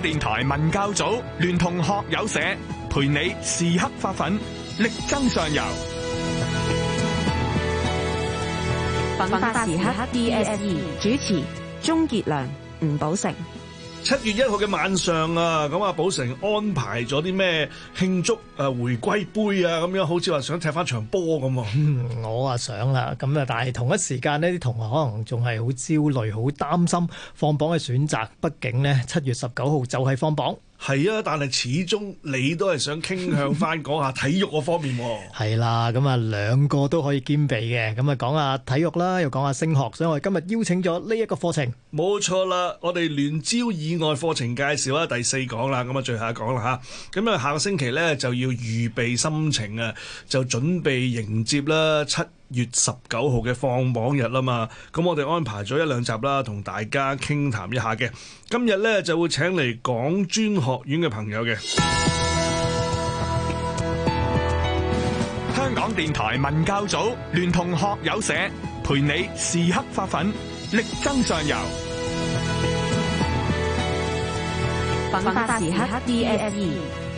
電台文教組聯同學友社陪你時刻發奮，力爭上游。奮發時刻 DSE 主持鍾杰良、吳寶成。七月一號嘅晚上啊，咁阿寶成安排咗啲咩慶祝誒回歸杯啊，咁樣好似話想踢翻場波咁。我啊想啦，咁啊，但係同一時間呢，啲同學可能仲係好焦慮、好擔心放榜嘅選擇。畢竟呢，七月十九號就係放榜。係啊，但係始終你都係想傾向翻講下體育嗰方面。係啦，咁啊，兩個都可以兼備嘅。咁啊，講下體育啦，又講下升學，所以我哋今日邀請咗呢一個課程。冇錯啦，我哋聯招以外課程介紹啦，第四講啦，咁啊，最後講啦吓，咁啊，下個星期咧就要預備心情啊，就準備迎接啦七月十九號嘅放榜日啦嘛，咁我哋安排咗一兩集啦，同大家傾談一下嘅，今日咧就會請嚟港專學院嘅朋友嘅，香港電台文教組聯同學友社陪你時刻發奮。力爭上游，粉時刻 DSE。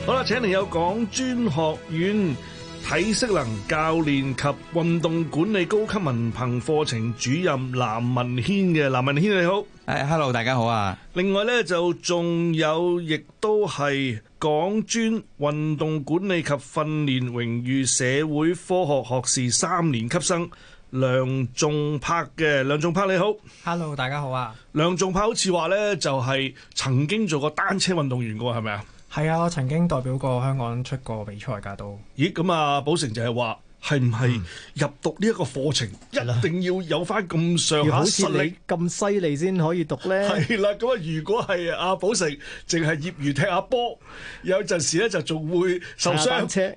好啦，請嚟有港專學院體適能教練及運動管理高級文憑課程主任藍汶軒嘅，藍汶軒你好，誒，hello，大家好啊。另外呢，就仲有，亦都係港專運動管理及訓練榮譽社會科學學士三年級生。梁頌栢嘅梁頌栢你好，hello 大家好啊。梁頌栢好似話咧就係曾經做過單車運動員嘅係咪啊？係啊，我曾經代表過香港出過比賽噶都。咦咁啊，寶成就係話。係唔係入讀呢一個課程一定要有翻咁上下實力，咁犀利先可以讀咧？係啦，咁啊如果係阿寶成淨係業餘踢下波，有陣時咧就仲會受傷，係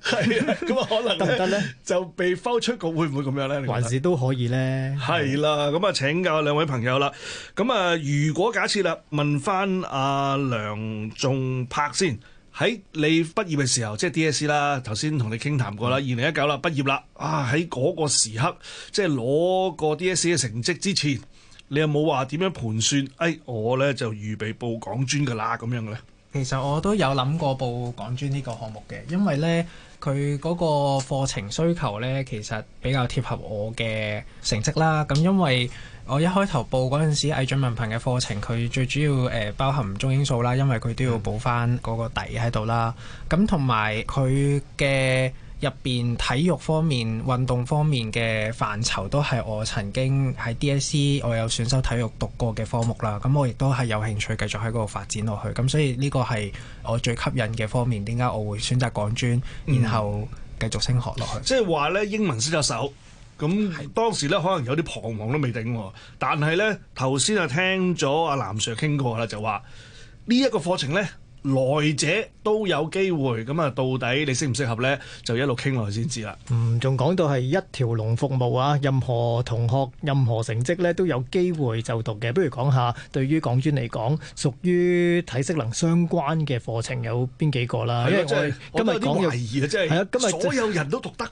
啊，咁啊可能得唔得咧？ 行行呢就被拋出局會唔會咁樣咧？還是都可以咧？係啦，咁啊請教兩位朋友啦。咁啊如果假設啦，問翻阿、啊、梁頌栢先。喺你畢業嘅時候，即係 DSE 啦，頭先同你傾談談過啦，二零一九啦，畢業啦，啊喺嗰個時刻，即係攞個 DSE 嘅成績之前，你有冇話點樣盤算？誒、哎，我呢就預備報港專㗎啦，咁樣嘅呢？其實我都有諗過報港專呢個項目嘅，因為呢。佢嗰個課程需求呢，其實比較貼合我嘅成績啦。咁因為我一開頭報嗰陣時，毅進文憑嘅課程，佢最主要誒、呃、包含中英數啦，因為佢都要補翻嗰個底喺度啦。咁同埋佢嘅。入邊體育方面、運動方面嘅範疇都係我曾經喺 DSE 我有選修體育讀過嘅科目啦，咁我亦都係有興趣繼續喺嗰度發展落去，咁所以呢個係我最吸引嘅方面。點解我會選擇港專，然後繼續升學落去？嗯、即係話咧英文先入手，咁當時呢，的可能有啲彷徨都未定，但係呢，頭先啊聽咗阿藍 Sir 傾過啦，就話呢一個課程呢。來者都有機會，咁啊，到底你適唔適合咧？就一路傾落去先知啦。嗯，仲講到係一條龍服務啊，任何同學、任何成績咧都有機會就讀嘅。不如講下對於港專嚟講，屬於體適能相關嘅課程有邊幾個啦？因為今日講有疑啊，真係，係啊，今日所有人都讀得，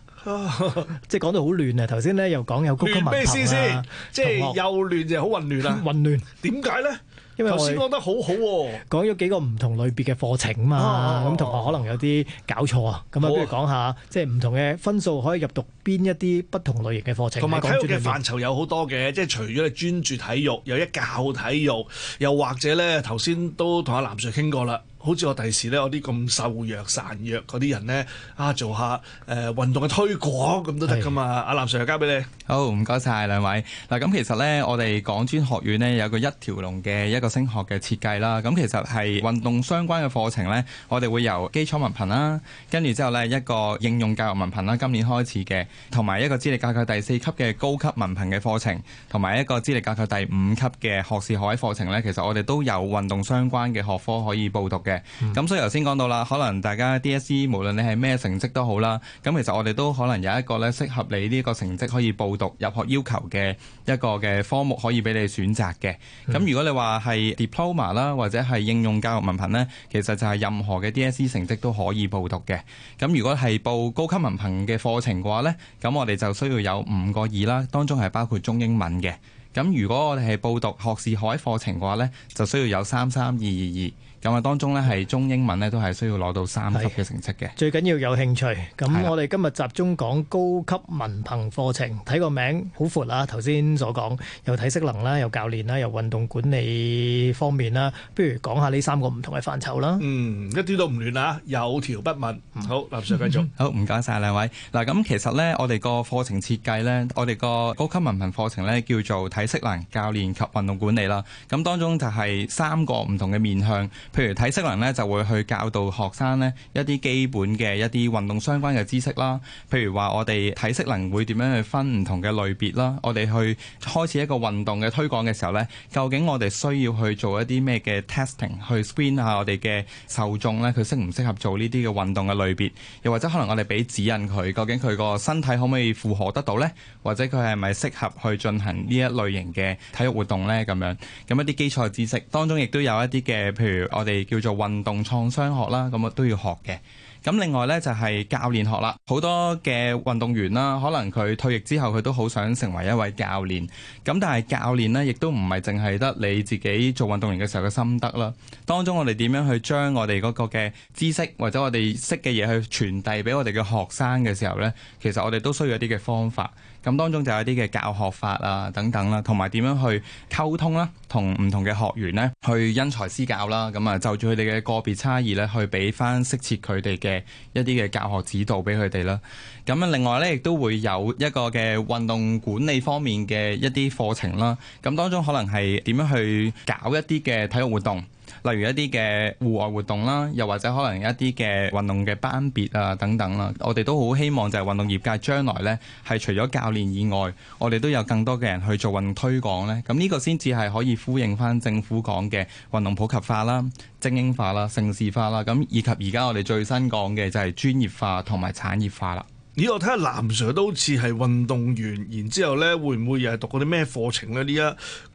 即係講到好亂啊！頭先咧又講有高級文憑啦，同學，又亂就好混亂啊！混亂點解咧？因為頭先、哦、講得好好喎，講咗幾個唔同類別嘅課程嘛，咁同學可能有啲搞錯啊，咁啊不如講下，好即係唔同嘅分數可以入讀邊一啲不同類型嘅課程。同埋體育嘅範疇有好多嘅，即係除咗你專注體育，又一教體育，又或者咧，頭先都同阿藍 Sir 傾過啦。好似我第時咧，我啲咁瘦弱孱弱嗰啲人咧，啊做下誒運動嘅推廣咁都得噶嘛？阿藍 Sir 又交俾你。好，唔該曬兩位。嗱，咁其實咧，我哋港專學院咧有個一條龍嘅一個升學嘅設計啦。咁其實係運動相關嘅課程咧，我哋會由基礎文憑啦，跟住之後咧一個應用教育文憑啦，今年開始嘅，同埋一個資歷架構第四級嘅高級文憑嘅課程，同埋一個資歷架構第五級嘅學士學位課程咧，其實我哋都有運動相關嘅學科可以報讀嘅。咁、嗯、所以，頭先講到啦，可能大家 DSE 無論你係咩成績都好啦。咁其實我哋都可能有一個咧，適合你呢個成績可以報讀入學要求嘅一個嘅科目，可以俾你選擇嘅。咁、嗯、如果你話係 Diploma 啦，或者係應用教育文憑呢，其實就係任何嘅 DSE 成績都可以報讀嘅。咁如果係報高級文憑嘅課程嘅話呢，咁我哋就需要有五個二啦，當中係包括中英文嘅。咁如果我哋係報讀學士學位課程嘅話呢，就需要有三三二二二。咁啊，當中咧係中英文咧都係需要攞到三級嘅成績嘅。最緊要有興趣。咁我哋今日集中講高級文憑課程，睇個名好闊啦。頭先所講有體適能啦，有教練啦，有運動管理方面啦。不如講下呢三個唔同嘅範疇啦。嗯，一啲都唔亂啊，有條不紊。好，藍 Sir 繼續。好，唔該晒兩位。嗱，咁其實咧，我哋個課程設計咧，我哋個高級文憑課程咧叫做體適能、教練及運動管理啦。咁當中就係三個唔同嘅面向。譬如體適能呢，就會去教導學生呢一啲基本嘅一啲運動相關嘅知識啦。譬如話，我哋體適能會點樣去分唔同嘅類別啦？我哋去開始一個運動嘅推廣嘅時候呢，究竟我哋需要去做一啲咩嘅 testing 去 screen 下我哋嘅受眾呢？佢適唔適合做呢啲嘅運動嘅類別？又或者可能我哋俾指引佢，究竟佢個身體可唔可以負荷得到呢？或者佢係咪適合去進行呢一類型嘅體育活動呢？咁樣咁一啲基礎知識當中，亦都有一啲嘅譬如。我哋叫做運動創傷學啦，咁啊都要學嘅。咁另外呢，就係教練學啦，好多嘅運動員啦，可能佢退役之後佢都好想成為一位教練。咁但係教練呢，亦都唔係淨係得你自己做運動員嘅時候嘅心得啦。當中我哋點樣去將我哋嗰個嘅知識或者我哋識嘅嘢去傳遞俾我哋嘅學生嘅時候呢？其實我哋都需要一啲嘅方法。咁當中就有一啲嘅教學法啊，等等啦，同埋點樣去溝通啦，同唔同嘅學員呢去因材施教啦。咁啊，就住佢哋嘅個別差異呢，去俾翻適切佢哋嘅一啲嘅教學指導俾佢哋啦。咁啊，另外呢，亦都會有一個嘅運動管理方面嘅一啲課程啦。咁當中可能係點樣去搞一啲嘅體育活動。例如一啲嘅戶外活動啦，又或者可能一啲嘅運動嘅班別啊等等啦，我哋都好希望就係運動業界將來呢，係除咗教練以外，我哋都有更多嘅人去做運動推廣呢。咁呢個先至係可以呼應翻政府講嘅運動普及化啦、精英化啦、盛事化啦，咁以及而家我哋最新講嘅就係專業化同埋產業化啦。呢度睇下藍 Sir 都好似係運動員，然之後呢會唔會又係讀嗰啲咩課程呢？呢一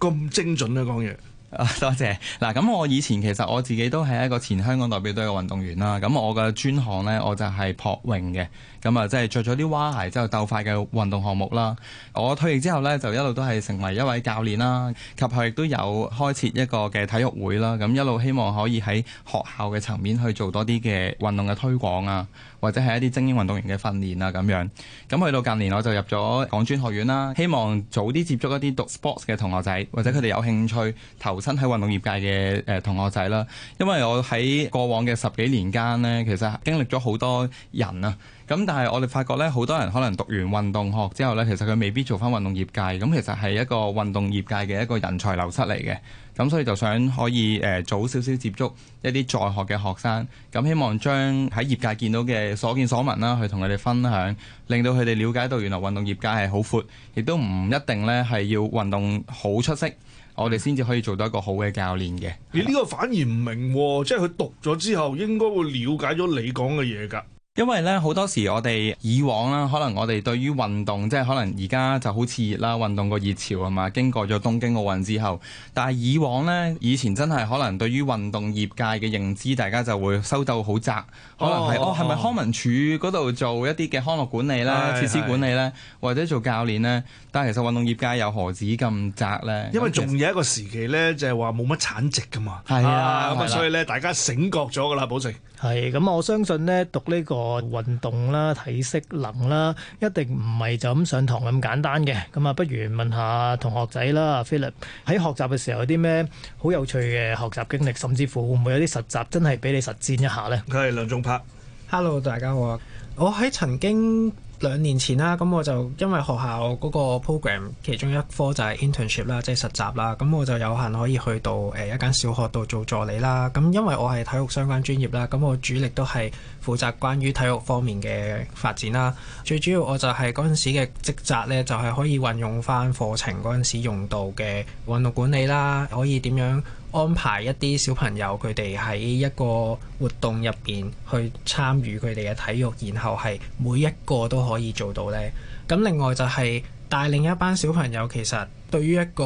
咁精準呢講嘢。啊，多謝。嗱，咁我以前其實我自己都係一個前香港代表隊嘅運動員啦，咁我嘅專項呢，我就係撲泳嘅。咁啊，即係着咗啲蛙鞋之後鬥快嘅運動項目啦。我退役之後咧，就一路都係成為一位教練啦。及後亦都有開設一個嘅體育會啦。咁一路希望可以喺學校嘅層面去做多啲嘅運動嘅推廣啊，或者係一啲精英運動員嘅訓練啊，咁樣。咁去到近年，我就入咗港專學院啦，希望早啲接觸一啲讀 sports 嘅同學仔，或者佢哋有興趣投身喺運動業界嘅誒、呃、同學仔啦。因為我喺過往嘅十幾年間咧，其實經歷咗好多人啊。咁但係我哋發覺呢，好多人可能讀完運動學之後呢，其實佢未必做返運動業界。咁其實係一個運動業界嘅一個人才流失嚟嘅。咁所以就想可以誒、呃、早少少接觸一啲在學嘅學生，咁希望將喺業界見到嘅所見所聞啦，去同佢哋分享，令到佢哋了解到原來運動業界係好闊，亦都唔一定呢係要運動好出色，我哋先至可以做到一個好嘅教練嘅。你呢個反而唔明喎、哦，即係佢讀咗之後應該會了解咗你講嘅嘢㗎。因為咧好多時我哋以往啦，可能我哋對於運動即係可能而家就好熾熱啦，運動個熱潮吖嘛，經過咗東京奧運之後。但係以往呢，以前真係可能對於運動業界嘅認知，大家就會收到好窄。可能係哦，係咪、哦、康文署嗰度做一啲嘅康樂管理咧、設、哦、施管理呢？是是或者做教練呢？但係其實運動業界又何止咁窄呢？因為仲有一個時期呢，就係話冇乜產值噶嘛。係啊，咁啊，啊，啊，所以呢，大家醒覺咗噶啦，寶成。係咁，我相信呢，讀呢、這個。運動啦、體適能啦，一定唔係就咁上堂咁簡單嘅。咁啊，不如問下同學仔啦，Philip 喺學習嘅時候有啲咩好有趣嘅學習經歷，甚至乎會唔會有啲實習真係俾你實踐一下呢？我係梁頌栢，Hello 大家好啊！我喺曾經。兩年前啦，咁我就因為學校嗰個 program me，其中一科就係 internship 啦，即係實習啦，咁我就有幸可以去到誒、呃、一間小學度做助理啦。咁因為我係體育相關專業啦，咁我主力都係負責關於體育方面嘅發展啦。最主要我就係嗰陣時嘅職責呢，就係、是、可以運用翻課程嗰陣時用到嘅運動管理啦，可以點樣安排一啲小朋友佢哋喺一個活動入邊去參與佢哋嘅體育，然後係每一個都可以做到咧。咁另外就係帶另一班小朋友，其實對於一個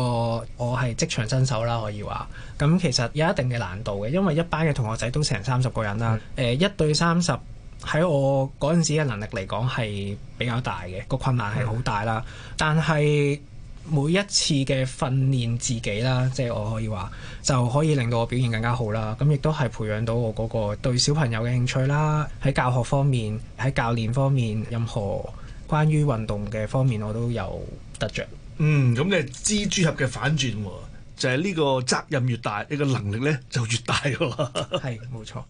我係職場新手啦，可以話，咁，其實有一定嘅難度嘅，因為一班嘅同學仔都成三十個人啦。誒、嗯呃、一對三十喺我嗰陣時嘅能力嚟講，係比較大嘅，個困難，係好大啦。嗯、但係。每一次嘅訓練自己啦，即係我可以話就可以令到我表現更加好啦。咁亦都係培養到我嗰個對小朋友嘅興趣啦。喺教學方面，喺教練方面，任何關於運動嘅方面，我都有得着。嗯，咁你蜘蛛俠嘅反轉喎，就係呢個責任越大，你個能力呢就越大喎。係， 冇錯。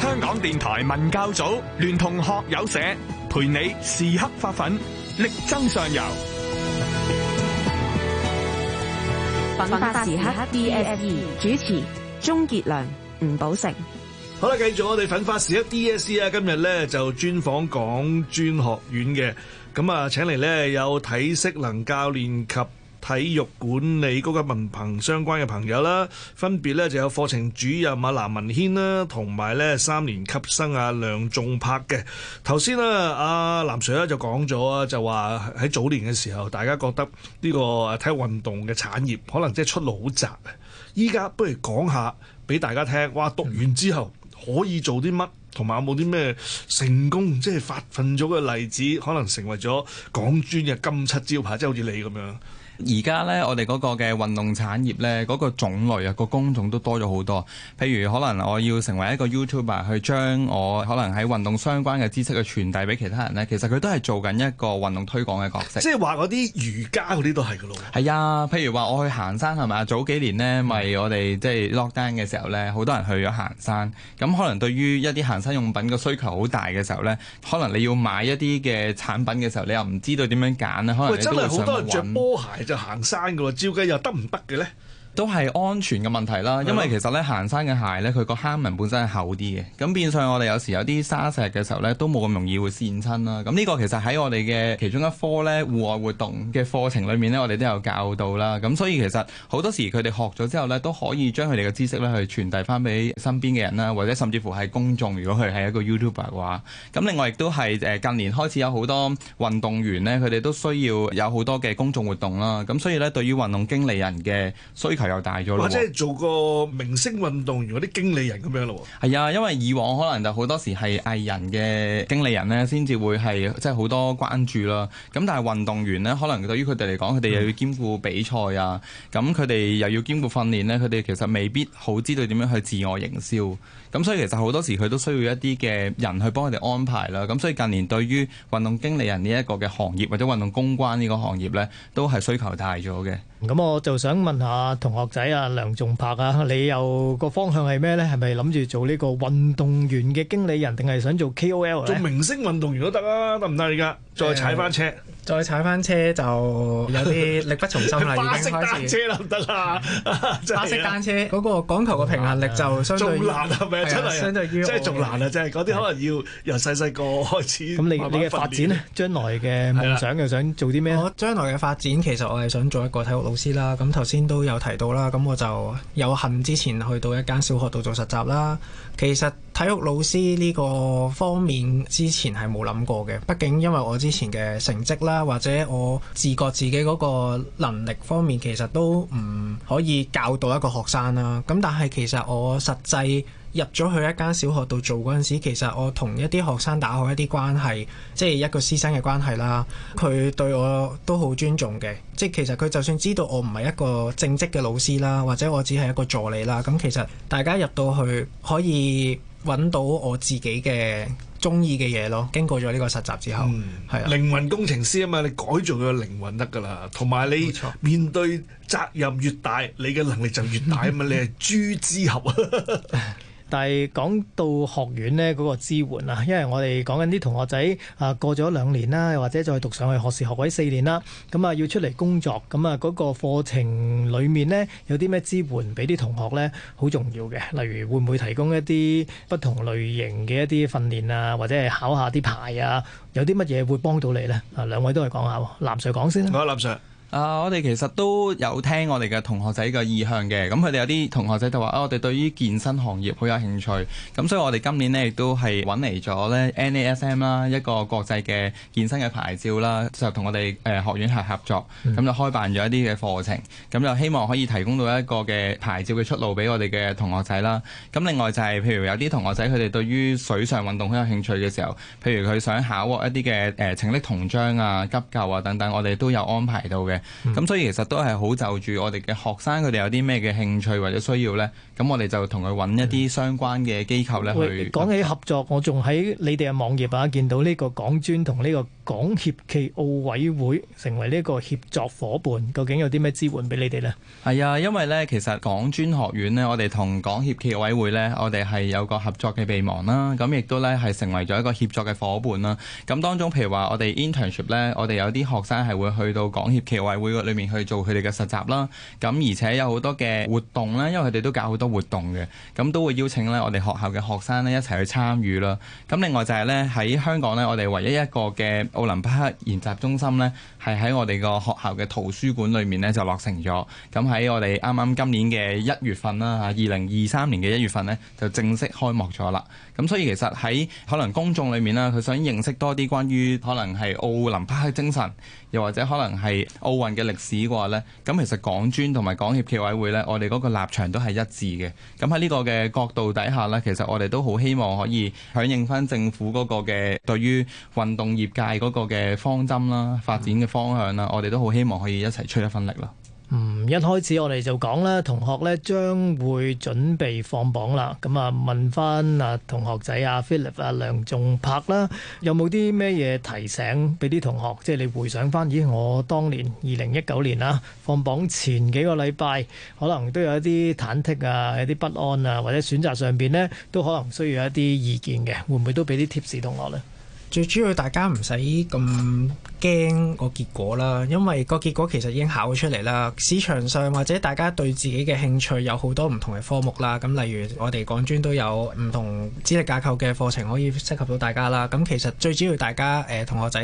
香港電台文教組聯同學友社。陪你時刻發奮，力爭上游。奮發時刻 DSE 主持鍾杰良、吳寶成。好啦，繼續我哋奮發時刻 DSE 啊，今日咧就專訪港專學院嘅，咁啊，請嚟咧有體適能教練及。體育管理嗰個文憑相關嘅朋友啦，分別咧就有課程主任啊藍汶軒啦，同埋咧三年級生啊梁頌栢嘅頭先啦。阿藍 Sir 咧就講咗啊，就話喺早年嘅時候，大家覺得呢、呢個體育運動嘅產業可能即係出路好窄啊。依家不如講下俾大家聽，哇，讀完之後可以做啲乜，同埋有冇啲咩成功即係發奮咗嘅例子，可能成為咗港專嘅金漆招牌，即係好似你咁樣。而家呢，我哋嗰個嘅運動產業呢嗰、嗰個種類啊，嗰個工種都多咗好多。譬如可能我要成為一個 YouTuber 去將我可能喺運動相關嘅知識去傳遞俾其他人呢，其實佢都係做緊一個運動推廣嘅角色。即係話嗰啲瑜伽嗰啲都係㗎咯。係啊，譬如話我去行山係咪啊？早幾年呢咪的我哋即係、就是、lockdown 嘅時候咧，好多人去咗行山。咁可能對於一啲行山用品嘅需求好大嘅時候咧，可能你要買一啲嘅產品嘅時候，你又唔知道點樣揀咧。可能真係好多人着波鞋。就行山噶喎，招雞又得唔得嘅咧？都係安全嘅問題啦，因為其實咧行山嘅鞋咧，佢個坑紋本身係厚啲嘅，咁變相我哋有時有啲沙石嘅時候咧，都冇咁容易會跣親啦。咁呢個其實喺我哋嘅其中一科咧，戶外活動嘅課程裏面咧，我哋都有教到啦。咁所以其實好多時佢哋學咗之後咧，都可以將佢哋嘅知識咧去傳遞翻俾身邊嘅人啦，或者甚至乎係公眾。如果佢係一個 YouTuber 嘅話，咁另外亦都係誒近年開始有好多運動員咧，佢哋都需要有好多嘅公眾活動啦。咁所以咧，對於運動經理人嘅需頭又大咗咯，或者係做個明星運動員嗰啲經理人咁樣咯。係啊，因為以往可能就好多時係藝人嘅經理人呢，先至會係即係好多關注啦。咁但係運動員呢，可能對於佢哋嚟講，佢哋又要兼顧比賽啊，咁佢哋又要兼顧訓練呢，佢哋其實未必好知道點樣去自我營銷。咁所以其實好多時佢都需要一啲嘅人去幫佢哋安排啦。咁所以近年對於運動經理人呢一個嘅行業或者運動公關呢個行業呢，都係需求大咗嘅。咁我就想問下同學仔啊，梁頌栢啊，你又個方向係咩咧？係咪諗住做呢個運動員嘅經理人，定係想做 KOL 啊？做明星運動員都得啊，得唔得而家。再踩翻車， 再踩翻車就有啲力不從心啦。 已經開始。單車啦，得啦，白色單車嗰個講求嘅平衡力就相對。仲難咪真係的真係要即係仲難啊，即係嗰啲可能要由細細個開始慢慢。咁你你嘅發展呢？將來嘅夢想又想做啲咩？我將來嘅發展其實我係想做一個體育老師啦。咁頭先都有提到啦，咁我就有幸之前去到一間小學度做實習啦。其實。體育老師呢個方面之前係冇諗過嘅，畢竟因為我之前嘅成績啦，或者我自覺自己嗰個能力方面其實都唔可以教到一個學生啦。咁但係其實我實際入咗去一間小學度做嗰陣時，其實我同一啲學生打好一啲關係，即係一個師生嘅關係啦。佢對我都好尊重嘅，即係其實佢就算知道我唔係一個正職嘅老師啦，或者我只係一個助理啦，咁其實大家入到去可以。揾到我自己嘅鍾意嘅嘢咯，經過咗呢個實習之後，係、嗯啊、靈魂工程師啊嘛，你改造個靈魂得㗎喇，同埋你面對責任越大，你嘅能力就越大啊嘛， 你係豬之俠。 但係講到學院呢嗰個支援啊，因為我哋講緊啲同學仔啊，過咗兩年啦，或者再讀上去學士學位四年啦，咁啊要出嚟工作，咁啊嗰個課程裡面呢，有啲咩支援俾啲同學呢？好重要嘅，例如會唔會提供一啲不同類型嘅一啲訓練啊，或者係考下啲牌啊，有啲乜嘢會幫到你呢？啊，兩位都係講下喎，藍 Sir 講先啦。好，藍 Sir。啊、呃！我哋其實都有聽我哋嘅同學仔嘅意向嘅，咁佢哋有啲同學仔就話啊，我哋對於健身行業好有興趣，咁所以我哋今年呢，亦都係揾嚟咗咧 NASM 啦，NAS M，一個國際嘅健身嘅牌照啦，就同我哋誒、呃、學院係合作，咁就開辦咗一啲嘅課程，咁就希望可以提供到一個嘅牌照嘅出路俾我哋嘅同學仔啦。咁另外就係、是、譬如有啲同學仔佢哋對於水上運動好有興趣嘅時候，譬如佢想考獲一啲嘅誒拯溺銅章啊、急救啊等等，我哋都有安排到嘅。咁、嗯、所以其實都係好就住我哋嘅學生，佢哋有啲咩嘅興趣或者需要呢？咁我哋就同佢揾一啲相關嘅機構呢去。講、嗯、起合作，我仲喺你哋嘅網頁啊，見到呢個港專同呢個港協暨奧委會成為呢個合作伙伴，究竟有啲咩支援俾你哋呢？係啊，因為呢其實港專學院呢，我哋同港協暨奧委會呢，我哋係有個合作嘅備忘啦，咁亦都呢係成為咗一個合作嘅伙伴啦。咁當中，譬如話我哋 internship 呢，我哋有啲學生係會去到港協暨奧委。協會裏面去做佢哋嘅實習啦，咁而且有好多嘅活動啦，因為佢哋都搞好多活動嘅，咁都會邀請呢我哋學校嘅學生呢一齊去參與啦。咁另外就係呢喺香港呢，我哋唯一一個嘅奧林匹克研習中心呢，係喺我哋個學校嘅圖書館裏面呢就落成咗。咁喺我哋啱啱今年嘅一月份啦，吓二零二三年嘅一月份呢就正式開幕咗啦。咁所以其實喺可能公眾裏面啦，佢想認識多啲關於可能係奧林匹克精神，又或者可能係奧。運嘅歷史嘅話呢，咁其實港專同埋港協騎委會呢，我哋嗰個立場都係一致嘅。咁喺呢個嘅角度底下呢，其實我哋都好希望可以響應翻政府嗰個嘅對於運動業界嗰個嘅方針啦、發展嘅方向啦，嗯、我哋都好希望可以一齊出一份力囉。嗯，一開始我哋就講啦，同學咧將會準備放榜啦。咁、嗯、啊，問翻啊同學仔啊，Philip 啊梁頌栢啦，有冇啲咩嘢提醒俾啲同學？即係你回想翻，咦，我當年二零一九年啦、啊，放榜前幾個禮拜，可能都有一啲忐忑啊，有啲不安啊，或者選擇上邊呢，都可能需要一啲意見嘅，會唔會都俾啲貼士同學呢？最主要大家唔使咁驚個結果啦，因為個結果其實已經考咗出嚟啦。市場上或者大家對自己嘅興趣有好多唔同嘅科目啦，咁例如我哋港專都有唔同資歷架構嘅課程可以適合到大家啦。咁其實最主要大家誒、呃、同學仔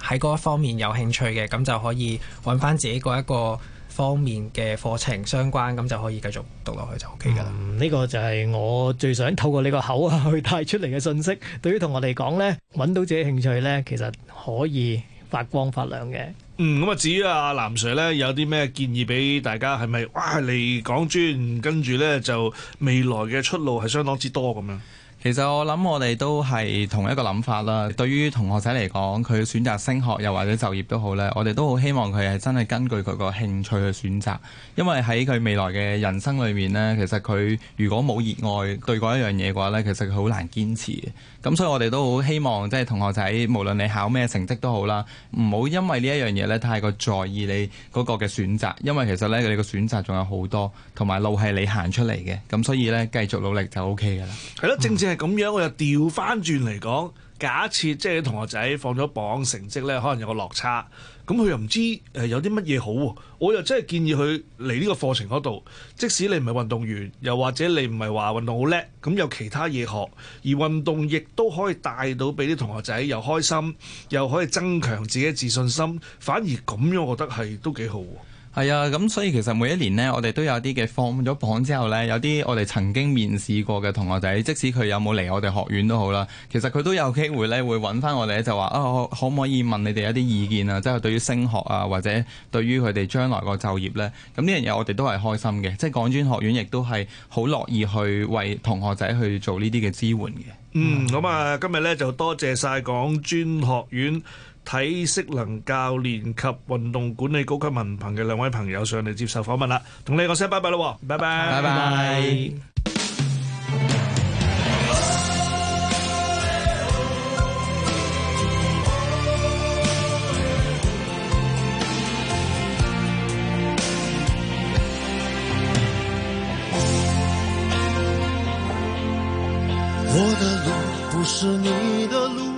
喺嗰一方面有興趣嘅，咁就可以搵返自己嗰一個方面嘅課程相關咁就可以繼續讀落去就 OK 噶啦。呢、嗯這個就係我最想透過你個口啊去帶出嚟嘅信息。對於同學嚟講呢，揾到自己興趣呢，其實可以發光發亮嘅。嗯，咁啊，至於阿藍 Sir 呢，有啲咩建議俾大家？係咪哇嚟港專，跟住呢，就未來嘅出路係相當之多咁樣？其實我諗我哋都係同一個諗法啦。對於同學仔嚟講，佢選擇升學又或者就業都好呢，我哋都好希望佢係真係根據佢個興趣去選擇。因為喺佢未來嘅人生裏面呢，其實佢如果冇熱愛對嗰一樣嘢嘅話呢，其實佢好難堅持嘅。咁所以我哋都，都好希望即係同學仔，無論你考咩成績都好啦，唔好因為呢一樣嘢呢，太過在意你嗰個嘅選擇，因為其實呢，你嘅選擇仲有好多，同埋路係你行出嚟嘅。咁所以呢，繼續努力就 O K 噶啦。嗯係咁樣，我又調翻轉嚟講，假設即係啲同學仔放咗榜，成績呢可能有個落差，咁佢又唔知誒有啲乜嘢好。我又真係建議佢嚟呢個課程嗰度，即使你唔係運動員，又或者你唔係話運動好叻，咁有其他嘢學，而運動亦都可以帶到俾啲同學仔又開心，又可以增強自己嘅自信心，反而咁樣，我覺得係都幾好。係啊，咁所以其實每一年呢，我哋都有啲嘅放咗榜之後呢，有啲我哋曾經面試過嘅同學仔，即使佢有冇嚟我哋學院都好啦，其實佢都有機會呢，會揾翻我哋就話啊、哦，「可唔可以問你哋一啲意見啊？即係對於升學啊，或者對於佢哋將來個就業呢？」咁呢樣嘢我哋都係開心嘅，即係港專學院亦都係好樂意去為同學仔去做呢啲嘅支援嘅。嗯，咁啊、嗯，嗯、今日呢，就多謝晒港專學院。體適能教練及運動管理高級文憑嘅兩位朋友上嚟接受訪問啦，同你講聲拜拜啦，拜拜，拜拜。我的路不是你的路。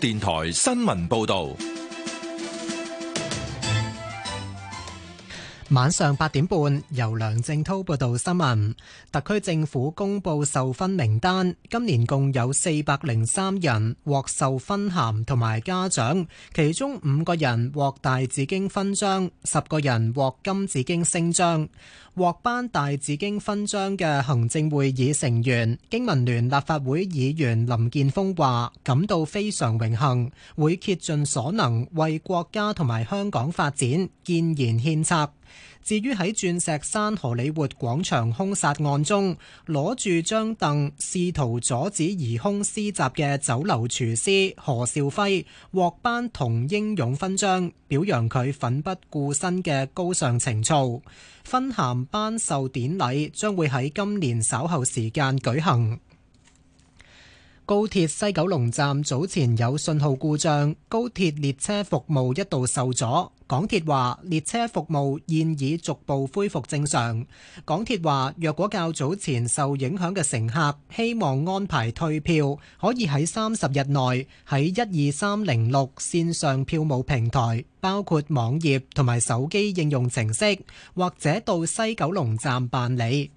電台新聞報道。晚上八點半，由梁正濤報道新聞。特區政府公布授勳名單，今年共有四百零三人獲授勳銜同埋嘉獎，其中五個人獲大紫荊勳章，十個人獲金紫荊星章。獲頒大紫荊勳章嘅行政會議成員、經民聯立法會議員林建峰話，感到非常榮幸，會竭盡所能為國家同埋香港發展建言獻策。至於喺鑽石山荷里活廣場兇殺案中攞住張凳試圖阻止疑兇施襲嘅酒樓廚師何少輝獲頒銅英勇勳章，表揚佢奮不顧身嘅高尚情操。勳銜頒授典禮將會喺今年稍後時間舉行。高鐵西九龍站早前有信號故障，高鐵列車服務一度受阻。港鐵話列車服務現已逐步恢復正常。港鐵話若果較早前受影響嘅乘客希望安排退票，可以喺三十日內喺一二三零六綫上票務平台，包括網頁同埋手機應用程式，或者到西九龍站辦理。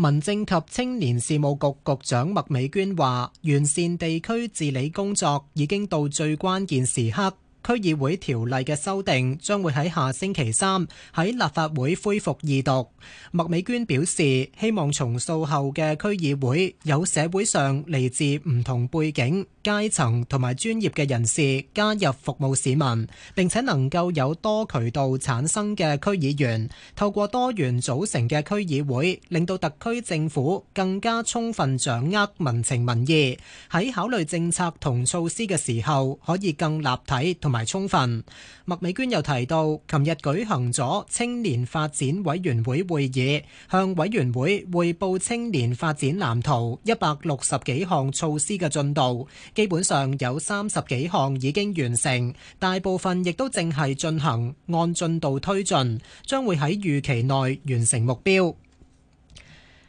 民政及青年事務局局長麥美娟話，完善地區治理工作已經到最關鍵時刻。區議會條例嘅修訂將會喺下星期三喺立法會恢復二讀。麥美娟表示，希望重塑後嘅區議會有社會上嚟自唔同背景、階層同埋專業嘅人士加入服務市民，並且能夠有多渠道產生嘅區議員，透過多元組成嘅區議會，令到特區政府更加充分掌握民情民意，喺考慮政策同措施嘅時候可以更立體同埋係充分。麥美娟又提到，琴日舉行咗青年發展委員會會議，向委員會匯報青年發展藍圖一百六十幾項措施嘅進度，基本上有三十幾項已經完成，大部分亦都正係進行，按進度推進，將會喺預期內完成目標。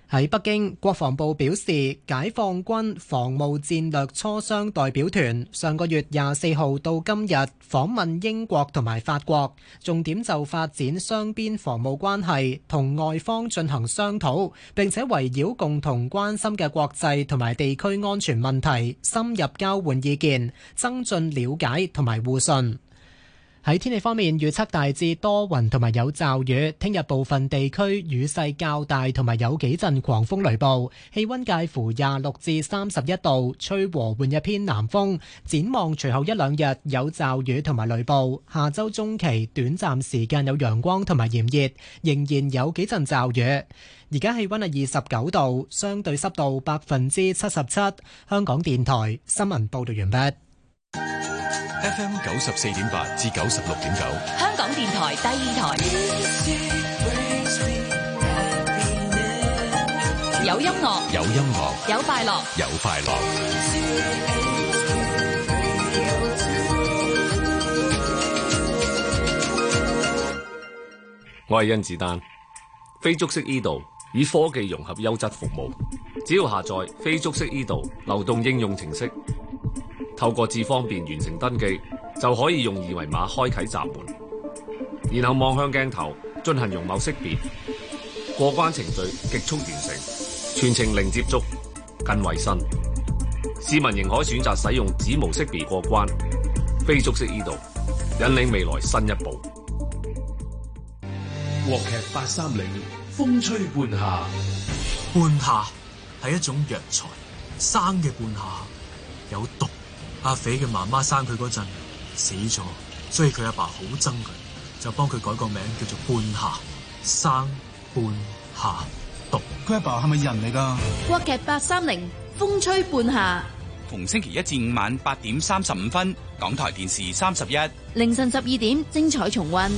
喺北京，國防部表示，解放軍防務戰略磋商代表團上個月廿四號到今日訪問英國同埋法國，重點就發展雙邊防務關係同外方進行商討，並且圍繞共同關心嘅國際同埋地區安全問題深入交換意見，增進了解同埋互信。喺天氣方面預測大致多雲同埋有驟雨，聽日部分地區雨勢較大同埋有幾陣狂風雷暴，氣溫介乎廿六至三十一度，吹和緩一偏南風。展望隨後一兩日有驟雨同埋雷暴，下周中期短暫時間有陽光同埋炎熱，仍然有幾陣驟雨。而家氣溫係二十九度，相對濕度百分之七十七。香港電台新聞報道完畢。FM 九十四點八至九十六點九，香港電台第二台。有音樂，有音樂，有快樂，有快樂。我係甄子丹，非足式 E 度，以科技融合優質服務，只要下載非足式 E 度流動應用程式，透過智方便，完成登記，就可以用二維碼開啟閘門，然後望向鏡頭進行容貌識別，過關程序極速完成，全程零接觸，更衛生。市民仍可選擇使用指模識別過關。非足式依度，引領未來新一步。國劇八三零，風吹半夏。半夏係一種藥材，生嘅半夏有毒。阿肥嘅媽媽生佢嗰陣死咗，所以佢阿爸好憎佢，就幫佢改個名叫做半夏，生半夏毒。佢阿爸係咪人嚟㗎？國劇八三零風吹半夏，逢星期一至五晚八點三十五分，港台電視三十一，凌晨十二點精彩重温。